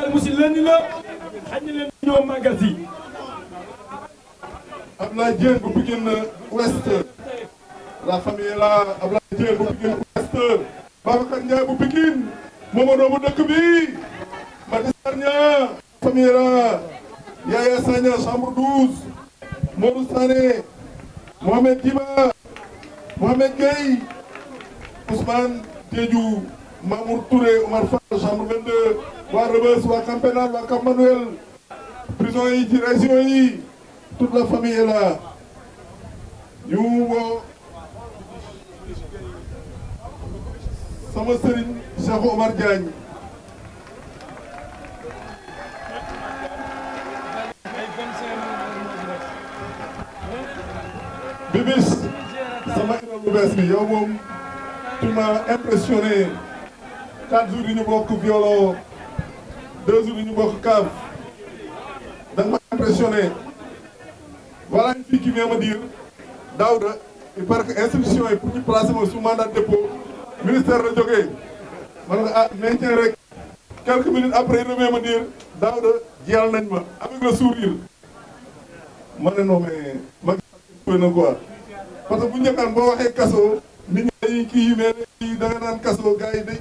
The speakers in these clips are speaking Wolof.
al bu si lenn la xaj na leen ñoo màggal si Abdoulaye bu Pikine Ouest la famille est là Abdoulaye Diène bu Pikine Ouest Babacar Ndiaye bu Pikine Momadou bu dëkk bi Mati Sarnia famille est là Yaya Sagna chambre 12 Modou Sané Mohamed Diba Mohamed Gueye Ousmane Diédhiou Mamour Touré Omar Fall chambre waa Rebeuss waa Camp Pénal waa Cap Manuel prison yi ci région yi toute la famille est là ñu woo sama sëriñ Cheikh Omar Diagne bibis sama idole bu bees bi yow tu m'as impressionné quatre jours yi ñu bokk violon deux jours yi ñu bokk ma impressionné voilà une fille qui vient me dire Daouda il paraît que institution yi pour ñu placer ma sous mandat de dépôt ministère la jógee ma ne ah maintien rek quelques minutes après il revient me dire Daouda jeexal nañ ma avec le sourire ma ne non ma gis na quoi parce que bu njëkkaan boo waxee kaso nit ñi dañuy kii mais kii da nga naan kaso gars yi dañ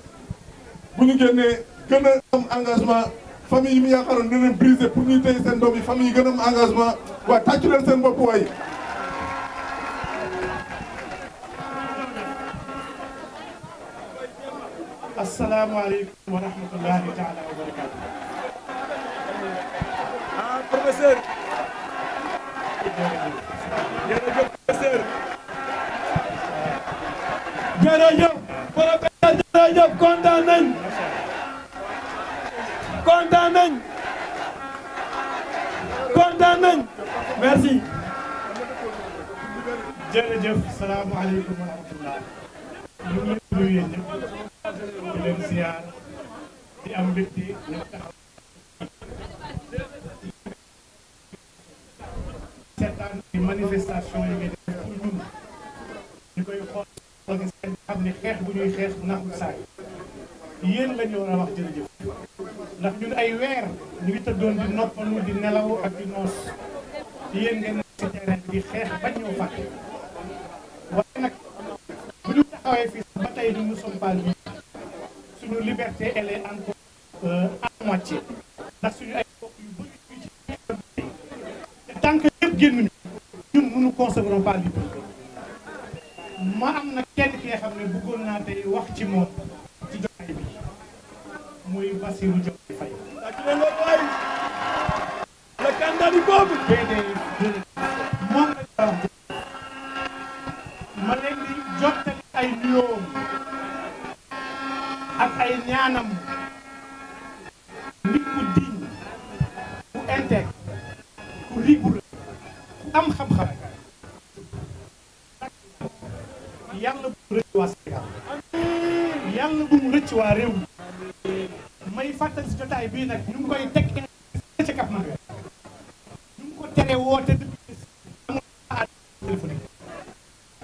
bu ñu gën a am famille yi mu yaakaaroon dina leen brisé pour ñuy tey a am engagement waaye tàccu leen wa rahmatullahi taala wa barakaatu. ah professeur. jërëjëf professeur. jërëjëf professeur jërëjëf kontaan nañ kontaan nañ merci jërëjëf salaamaaleykum wa rahmatullah ñu ngi nuyu yéen ñëpp di leen siyaar di am mbégte ñu taxaw seetaan di manifestation yi ngi def pour ñun ñu koy xool xam ne xeex bu ñuy xeex bu naxul saay yéen la ñu war a wax jërëjëf ndax ñun ay weer ñu ngi tëddoon di noppalu di nelaw ak di noos yéen ngeen ci terrain bi xeex bañ ñoo fàtte waaye nag bu ñu taxawee fii ba tey ñu ne sommes pas libres suñu liberté elle encore euh, à moitié ndax suñu ay mbokk yu bëri yu ci biir te tant que ñëpp génnuñu ñun mënu concevrons ma am na kenn ki nga xam ne bëggoon naa tey wax ci moom ci jotaay bi muy Bassirou Diop. le candidat du peuple. moom la ma leen di jottali ay nuyoo ak ay ñaanam nit ku digne ku intègre ku rigoureux ku am xam-xam yàlla bu mu rëcc waa Sénégal yàlla bu mu rëcc waa réew mi may fàttali jotaay bii nag ñu ngi koy teg ci Cap ñu ngi ko tere woote depuis téléphonique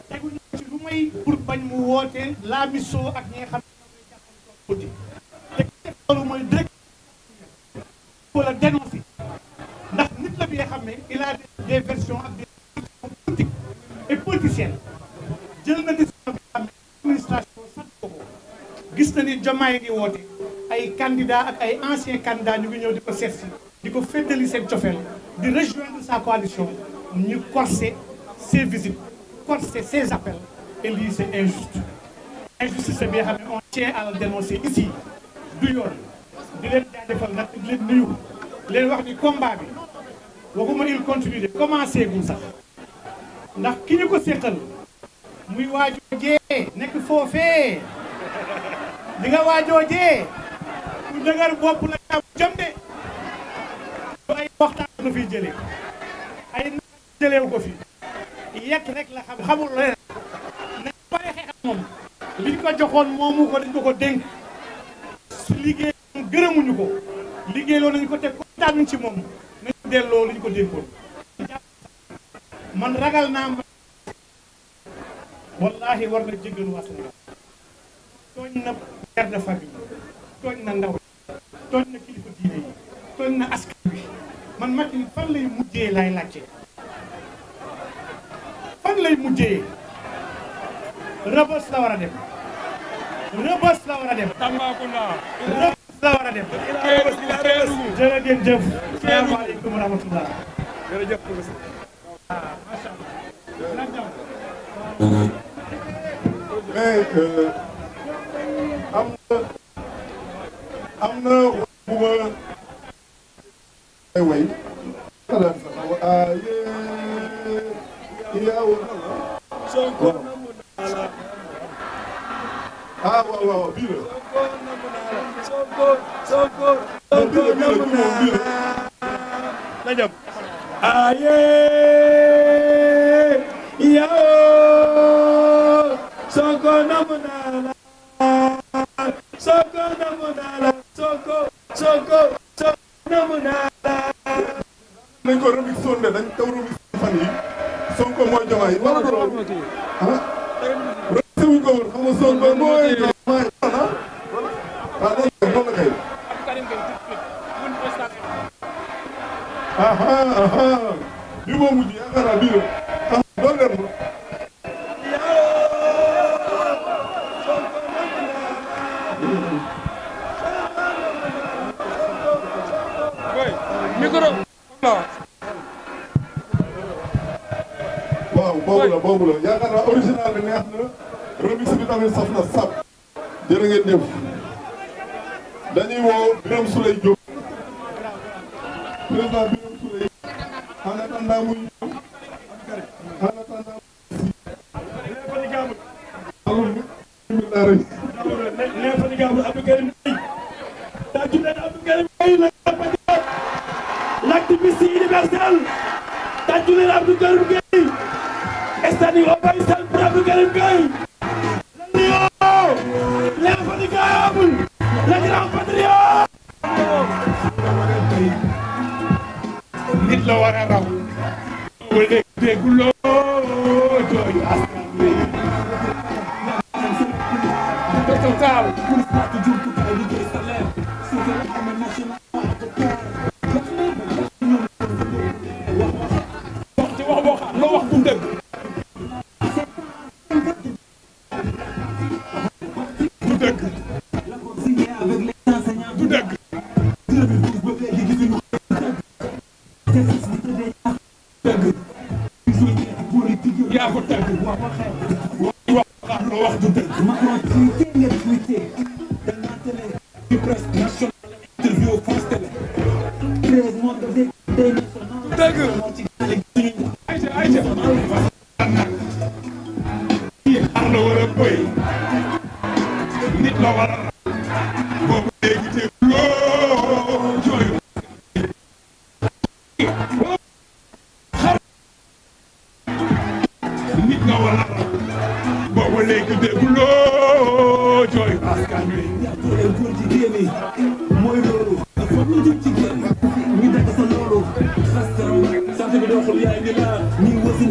teguñu ci lu may pour bañ mu woote la mission ak ñi xam ne te def loolu mooy direct wala dénoncer ndax nit la bi xam ne il a des versions ak des versions jël na décision bi xam ne administration sant ko gis na ni Diomaye ngi woote candidats ak ay anciens candidats ñu ngi ñëw di ko seet si di ko féetali seen cofeel di rejoindre sa coalition ñu corser ses visites corser ses appels et lii c'est injuste injustice bi nga xam ne on tient à dénoncer ici du yoon di leen jaajëfal nag di leen nuyu leen wax ni combat bi waxuma il continue de commencé gul sax ndax ki ñu ko séqal muy waajoojee nekk foofee di nga waajoojee ku dëgër bopp la am jom de du ay waxtaan nu fi jëlee ay na ko fi yet rek la xam xamul leneen na bare xeex moom liñ ko joxoon moomu ko dañ ko ko dénk su liggéey ko liggéey loolu nañu ko teg ci moom delloo liñ ko dénkoon man ragal naa ma wallahi war na jéggalu waa Sénégal tooñ na père de famille tooñ na ndaw tooñ na kilifa diine yi na askan wi man Macky fan lay mujjee lay laajte fan lay mujjee Rebeuss la war a dem Rebeuss la war a dem Tambacounda Rebeuss la war a am na bu ma way waaye yow ah waaw waaw bii la Sonko Sonko namm naa la aye yow Sonko namm naa la Sonko namm naa la Sonko Sonko Sonko namu naa la. nañ ko remix sonde dañ taw remix fan yi Sonko mooy Diomaye wala du loolu ah. remixé wuñ ko woon xam nga Sonko mooy Diomaye ah. waaw léegi nag bi moo mujj yaakaar naa bii waaw boobu la boobu la yaakaar naa original bi neex na remix bi tamit saf na sap. jërë ngeen jëf dañuy woo Birame Souley Diop président Birame Souley en attendant muy ñëw en attendant muy si. activiste universel tàccu leen Abdou Karim Gueye estani obéissant pour Abdou Karim Gueye le lion l'infatigable le grand patriote la war a raw wala dégguloo jooyu askan wi total pour yaa ko tàgg wax wax loo wax du dëgg ci presse nationale interview France Télé dëgg ayca ayca kii xar la war a bëy nit la war a nga war a am boobu léegi dégguloo jooy askan wi jàppale góor mooy loolu foog ñu jóg jigéen ñu dagg sa loolu parce yaay ni